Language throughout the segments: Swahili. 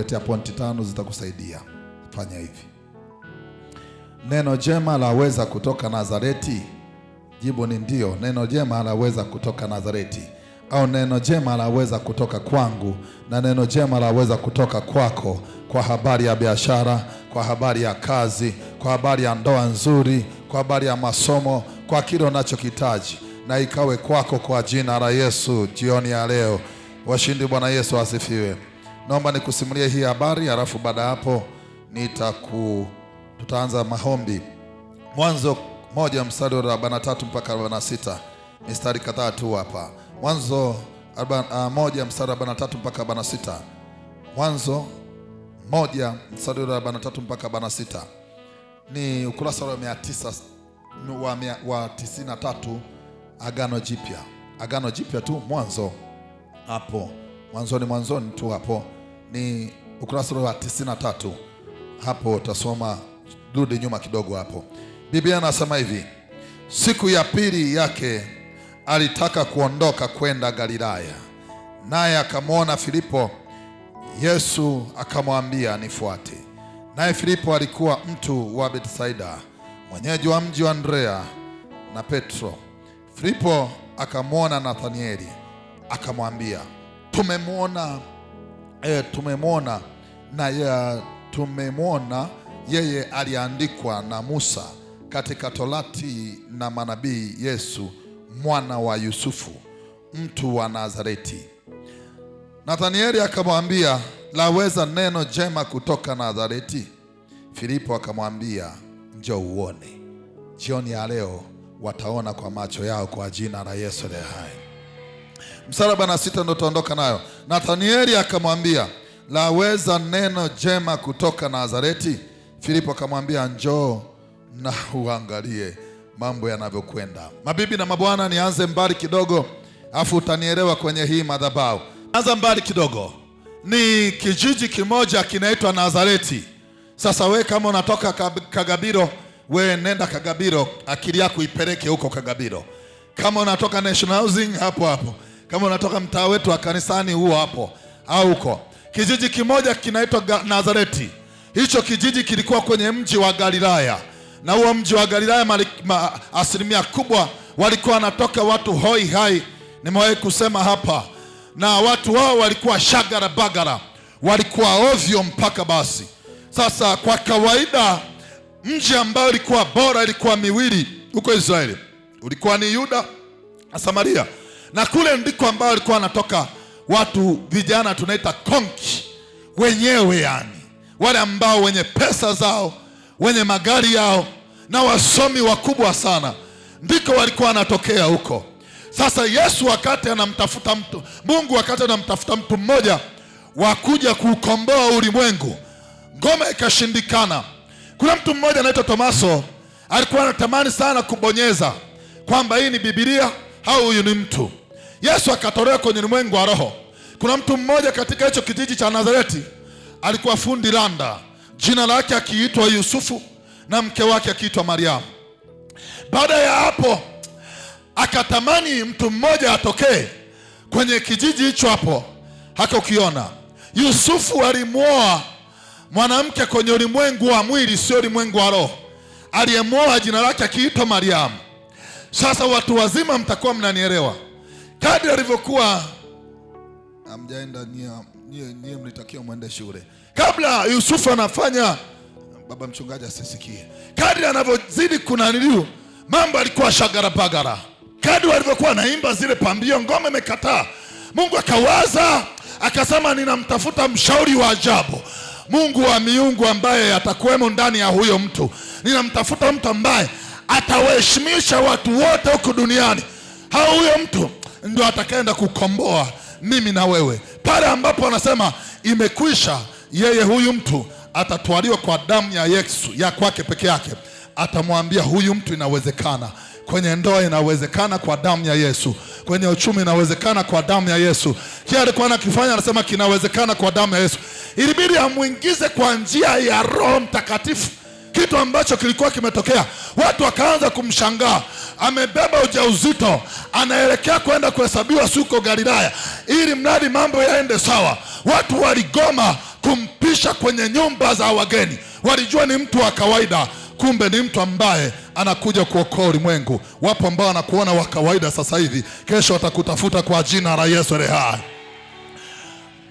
Letea pointi tano zitakusaidia. Fanya hivi. Neno jema laweza kutoka Nazareti? Jibu ni ndio. Neno jema laweza kutoka Nazareti, au neno jema laweza kutoka kwangu, na neno jema laweza kutoka kwako, kwa habari ya biashara, kwa habari ya kazi, kwa habari ya ndoa nzuri, kwa habari ya masomo, kwa kile unachokitaji, na ikawe kwako kwa jina la Yesu jioni ya leo. Washindi, Bwana Yesu asifiwe. Naomba nikusimulie hii habari, halafu baada ya hapo nitaku tutaanza maombi. Mwanzo moja mstari wa 43 mpaka arobaini sita mistari kadhaa tu hapa. Mwanzo ah, moja mstari wa tatu mpaka arobaini sita Mwanzo moja mstari wa arobaini tatu mpaka arobaini sita ni ukurasa wa mia tisa wa, mia, wa tisini tatu Agano Jipya, Agano Jipya tu mwanzo hapo mwanzoni mwanzoni tu hapo ni ukurasa wa 93. Hapo utasoma, rudi nyuma kidogo hapo. Biblia anasema hivi, siku ya pili yake alitaka kuondoka kwenda Galilaya, naye akamwona Filipo. Yesu akamwambia, nifuate. Naye Filipo alikuwa mtu wa Betsaida, mwenyeji wa mji wa Andrea na Petro. Filipo akamwona Nathanieli akamwambia, tumemwona e, tumemwona na ya, tumemwona yeye aliandikwa na Musa katika Torati na manabii, Yesu mwana wa Yusufu mtu wa Nazareti. Nathanieli akamwambia, laweza neno jema kutoka Nazareti? Filipo akamwambia, njoo uone. Jioni ya leo wataona kwa macho yao, kwa jina la Yesu aliye hai mstari arobaini na sita ndo tuondoka nayo. Nathanieli akamwambia, laweza neno jema kutoka Nazareti? Filipo akamwambia, njoo na uangalie mambo yanavyokwenda. Mabibi na mabwana, nianze mbali kidogo, afu utanielewa kwenye hii madhabahu. Anza mbali kidogo, ni kijiji kimoja kinaitwa Nazareti. Sasa we kama unatoka Kagabiro, we nenda Kagabiro, akili yako ipeleke huko Kagabiro. Kama unatoka National Housing, hapo hapo. Kama unatoka mtaa wetu wa kanisani huo hapo au huko, kijiji kimoja kinaitwa Nazareti. Hicho kijiji kilikuwa kwenye mji wa Galilaya, na huo mji wa Galilaya ma, asilimia kubwa walikuwa wanatoka watu hoi hai, nimewahi kusema hapa, na watu wao walikuwa shagara bagara, walikuwa ovyo mpaka basi. Sasa kwa kawaida mji ambayo ilikuwa bora ilikuwa miwili huko Israeli, ulikuwa ni Yuda na Samaria na kule ndiko ambao walikuwa wanatoka watu vijana tunaita konki wenyewe, yani wale ambao wenye pesa zao wenye magari yao na wasomi wakubwa sana, ndiko walikuwa wanatokea huko. Sasa Yesu wakati anamtafuta mtu, Mungu wakati anamtafuta mtu mmoja wa kuja kuukomboa ulimwengu, ngoma ikashindikana. Kuna mtu mmoja anaitwa Tomaso alikuwa anatamani sana kubonyeza kwamba hii ni Biblia au huyu ni mtu Yesu akatolewa kwenye ulimwengu wa roho. Kuna mtu mmoja katika hicho kijiji cha Nazareti alikuwa fundi randa, jina lake akiitwa Yusufu na mke wake akiitwa Mariamu. Baada ya hapo, akatamani mtu mmoja atokee kwenye kijiji hicho hapo, haka ukiona Yusufu alimwoa mwanamke kwenye ulimwengu wa mwili, sio ulimwengu wa roho, aliyemwoa jina lake akiitwa Mariamu. Sasa watu wazima, mtakuwa mnanielewa kadri alivyokuwa amjaenda nyie, mlitakiwa mwende shule kabla Yusufu anafanya baba mchungaji asisikie, kadri anavyozidi kunaniliu mambo alikuwa shagarabagara, kadri alivyokuwa anaimba zile pambio, ngoma imekataa. Mungu akawaza akasema, ninamtafuta mshauri wa ajabu, Mungu wa miungu ambaye atakuwemo ndani ya huyo mtu. Ninamtafuta mtu ambaye atawaheshimisha watu wote huku duniani au huyo mtu ndio atakaenda kukomboa mimi na wewe. Pale ambapo anasema imekwisha, yeye huyu mtu atatwaliwa kwa damu ya Yesu ya kwake peke yake, atamwambia huyu mtu inawezekana kwenye ndoa inawezekana kwa damu ya Yesu, kwenye uchumi inawezekana kwa damu ya Yesu. Kile alikuwa anakifanya anasema kinawezekana kwa damu ya Yesu. Ilibidi amwingize kwa njia ya Roho Mtakatifu, kitu ambacho kilikuwa kimetokea. Watu wakaanza kumshangaa, amebeba ujauzito, anaelekea kwenda kuhesabiwa suko Galilaya, ili mradi mambo yaende sawa. Watu waligoma kumpisha kwenye nyumba za wageni, walijua ni mtu wa kawaida, kumbe ni mtu ambaye anakuja kuokoa ulimwengu. Wapo ambao wanakuona wa kawaida sasa hivi, kesho watakutafuta kwa jina la Yesu rehai.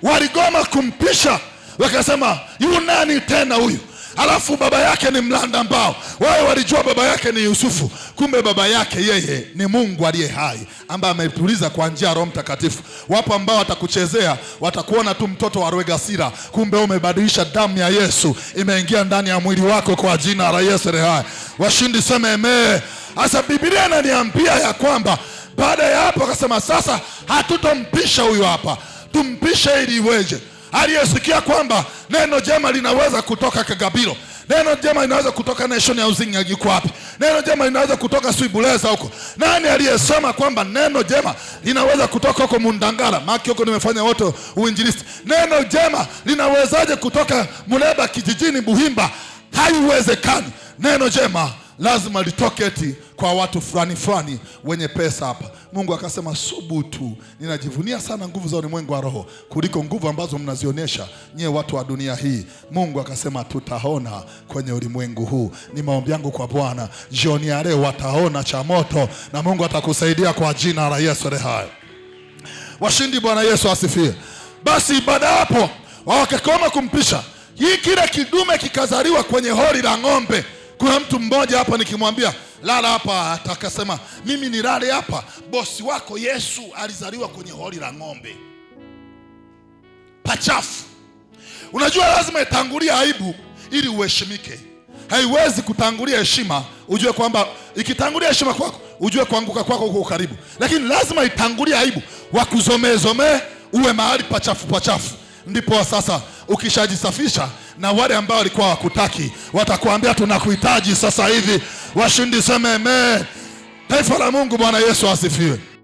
Waligoma kumpisha wakasema, yu nani tena huyu? Alafu baba yake ni mlanda mbao, wao walijua baba yake ni Yusufu. Kumbe baba yake yeye ni Mungu aliye hai, ambaye ametuliza kwa njia ya Roho Mtakatifu. Wapo ambao watakuchezea, watakuona tu mtoto wa Rwegasira, kumbe umebadilisha, damu ya Yesu imeingia ndani ya mwili wako kwa jina la Yesu aliye hai. Washindi sema amen. Hasa Biblia inaniambia ya kwamba baada ya hapo akasema, sasa hatutompisha huyu hapa, tumpishe ili iweje? Aliyesikia kwamba neno jema linaweza kutoka Kagabiro, neno jema linaweza kutoka Nation ya yuko wapi? Neno jema linaweza kutoka Swibuleza huko. Nani aliyesema kwamba neno jema linaweza kutoka huko Mundangara maki huko, nimefanya wote uinjilisti. Neno jema linawezaje kutoka Muleba kijijini Buhimba? Haiwezekani. Neno jema lazima litoke eti kwa watu fulani fulani wenye pesa hapa. Mungu akasema subutu, ninajivunia sana nguvu za ulimwengu wa roho kuliko nguvu ambazo mnazionyesha nyie watu wa dunia hii. Mungu akasema tutaona kwenye ulimwengu huu. Ni maombi yangu kwa Bwana jioni ya leo, wataona cha moto na Mungu atakusaidia kwa jina la Yesu le hayo washindi. Bwana Yesu asifie. Basi baada hapo wakakoma kumpisha hii, kile kidume kikazaliwa kwenye hori la ng'ombe kuna mtu mmoja hapa nikimwambia lala hapa, atakasema mimi nilale hapa? Bosi wako Yesu alizaliwa kwenye holi la ng'ombe pachafu. Unajua, lazima itangulia aibu ili uheshimike. Haiwezi kutangulia heshima ujue kwamba ikitangulia heshima kwako ujue kuanguka kwako uko karibu, lakini lazima itangulia aibu, wakuzomeezomee uwe mahali pachafu pachafu. Ndipo sasa ukishajisafisha na wale ambao walikuwa wakutaki watakuambia tunakuhitaji sasa hivi. Washindi seme amen. Taifa la Mungu, Bwana Yesu asifiwe.